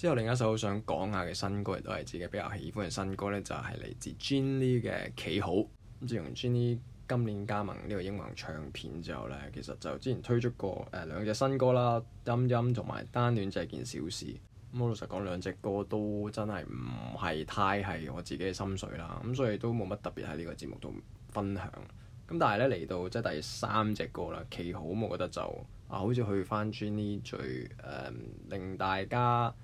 之後，另一首好想講下嘅新歌，亦都係自己比較喜歡嘅新歌呢就係、是、嚟自 Gin Lee 嘅《企好》。自從 Gin Lee 今年加盟呢個英皇唱片之後呢，其實就之前推出過誒、呃、兩隻新歌啦，《音音》同埋《單戀》就係件小事。咁我老實講，兩隻歌都真係唔係太係我自己嘅心水啦，咁所以都冇乜特別喺呢個節目度分享。咁但係呢，嚟到即係第三隻歌啦，《企好》我覺得就啊，好似去翻 Gin Lee 最、呃、令大家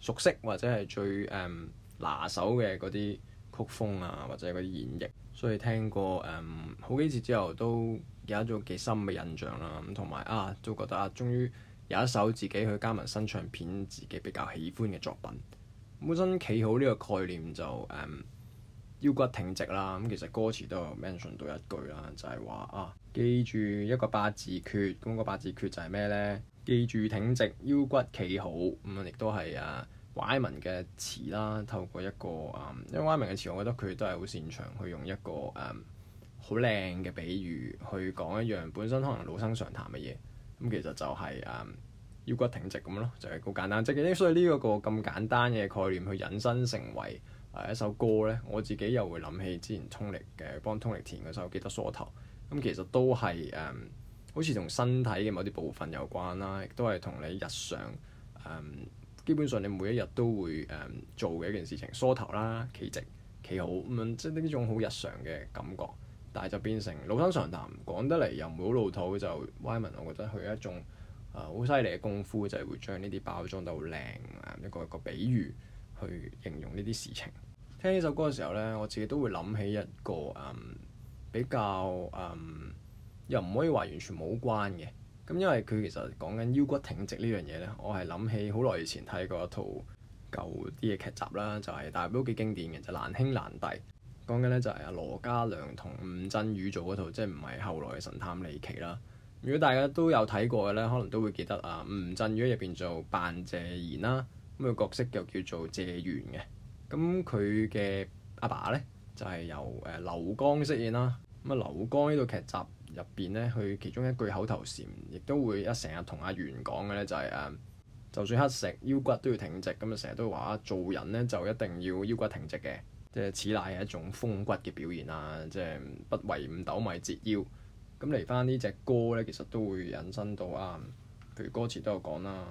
熟悉或者係最、um, 拿手嘅嗰啲曲風啊，或者嗰啲演繹，所以聽過、um, 好幾次之後，都有一種幾深嘅印象啦。同、嗯、埋啊，都覺得啊，終於有一首自己去加盟新唱片，自己比較喜歡嘅作品。本身企好呢個概念就、um, 腰骨挺直啦。咁、嗯、其實歌詞都有 mention 到一句啦，就係、是、話啊，記住一個八字訣。咁、那個八字訣就係咩呢？記住挺直腰骨，企好。咁、嗯、亦都係啊。Wyman 嘅詞啦，透過一個啊、嗯，因為 Wyman 嘅詞，我覺得佢都係好擅長去用一個誒好靚嘅比喻去講一樣本身可能老生常談嘅嘢。咁、嗯、其實就係、是、誒、嗯、腰骨挺直咁咯，就係、是、好簡單。即係所以呢一個咁簡單嘅概念去引申成為誒、呃、一首歌咧，我自己又會諗起之前聰力嘅幫聰力填嗰首《記得梳頭》嗯。咁其實都係誒、嗯，好似同身體嘅某啲部分有關啦，亦都係同你日常誒。嗯基本上你每一日都會誒、嗯、做嘅一件事情，梳頭啦、企直、企好咁即係呢種好日常嘅感覺。但係就變成老生常談，講得嚟又唔會好老土，就 Wyman，我覺得佢一種好犀利嘅功夫，就係會將呢啲包裝到好靚啊，一個一個比喻去形容呢啲事情。聽呢首歌嘅時候呢，我自己都會諗起一個誒、嗯、比較、嗯、又唔可以話完全冇關嘅。咁因為佢其實講緊腰骨挺直呢樣嘢呢，我係諗起好耐以前睇過一套舊啲嘅劇集啦，就係但係都幾經典嘅，就係《難兄難弟》，講緊呢，就係阿羅嘉良同吳鎮宇做嗰套，即係唔係後來嘅《神探李奇》啦。如果大家都有睇過嘅呢，可能都會記得啊，吳鎮宇入邊做扮謝賢啦，咁個角色又叫做謝元嘅。咁佢嘅阿爸呢，就係、是、由誒劉江飾演啦。咁啊劉江呢套劇集。入邊呢，佢其中一句口頭禪亦都會一成日同阿元講嘅呢，就係誒，就算乞食，腰骨都要挺直，咁啊成日都話做人呢，就一定要腰骨挺直嘅，即、呃、係此乃係一種風骨嘅表現啊，即係不為五斗米折腰。咁嚟翻呢隻歌呢，其實都會引申到啊，譬如歌詞都有講啦，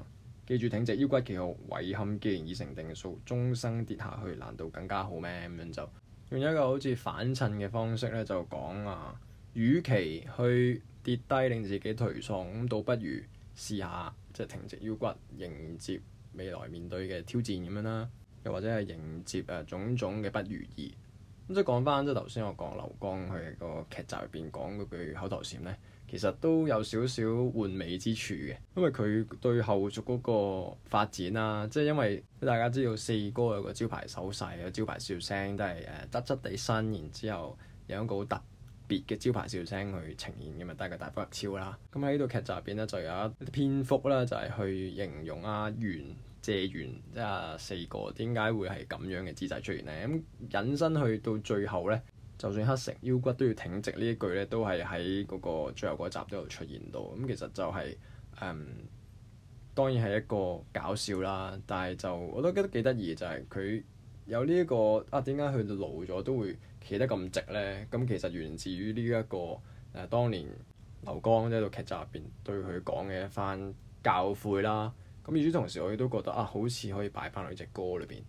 記住挺直腰骨企好，遺憾既然已成定數，終生跌下去難道更加好咩？咁樣就用一個好似反襯嘅方式呢，就講啊。與其去跌低令自己頹喪，咁倒不如試下即係挺直腰骨迎接未來面對嘅挑戰咁樣啦，又或者係迎接誒種種嘅不如意。咁即係講翻即係頭先我講劉江佢個劇集入邊講嗰句口頭禪咧，其實都有少少玩味之處嘅，因為佢對後續嗰個發展啦。即係因為大家知道四哥有個招牌手勢、有招牌笑聲都，都係誒得側地伸，然之後有一個好特別嘅招牌笑聲去呈現嘅咪，大概大波及超啦。咁喺呢度劇集入邊咧，就有一篇幅咧，就係、是、去形容啊袁謝袁即係四個點解會係咁樣嘅姿勢出現呢。咁引申去到最後呢，就算黑成腰骨都要挺直呢一句呢，都係喺嗰個最後嗰集都有出現到。咁其實就係、是、誒、嗯，當然係一個搞笑啦，但係就我都覺得幾得意，就係、是、佢。有呢、這、一個啊，點解佢老咗都會企得咁直呢？咁其實源自於呢、這、一個誒、啊，當年劉江喺度劇集入邊對佢講嘅一番教誨啦。咁與此同時，我哋都覺得啊，好似可以擺翻喺隻歌裏邊。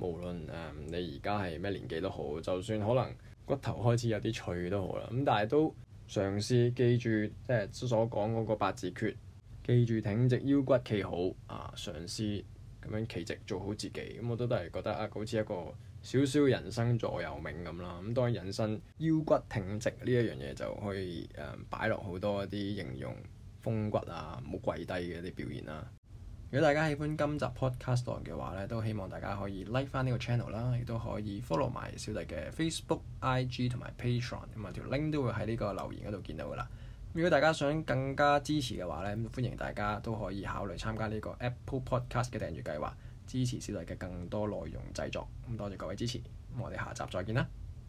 無論誒、嗯、你而家係咩年紀都好，就算可能骨頭開始有啲脆都好啦。咁但係都嘗試記住，即係所講嗰個八字訣，記住挺直腰骨，企好啊，嘗試。咁樣企直做好自己，咁、嗯、我都都係覺得啊，好似一個少少人生座右銘咁啦。咁、嗯、當然人生腰骨挺直呢一樣嘢就可以誒擺落好多啲形容風骨啊，冇跪低嘅啲表現啦。 如果大家喜歡今集 podcast 嘅話呢，都希望大家可以 like 翻呢個 channel 啦，亦都可以 follow 埋小弟嘅 Facebook、IG 同埋 Patreon，咁啊條 link 都會喺呢個留言嗰度見到噶啦。如果大家想更加支持嘅話咧，歡迎大家都可以考慮參加呢個 Apple Podcast 嘅訂閱計劃，支持小弟嘅更多內容製作。多謝各位支持，我哋下集再見啦。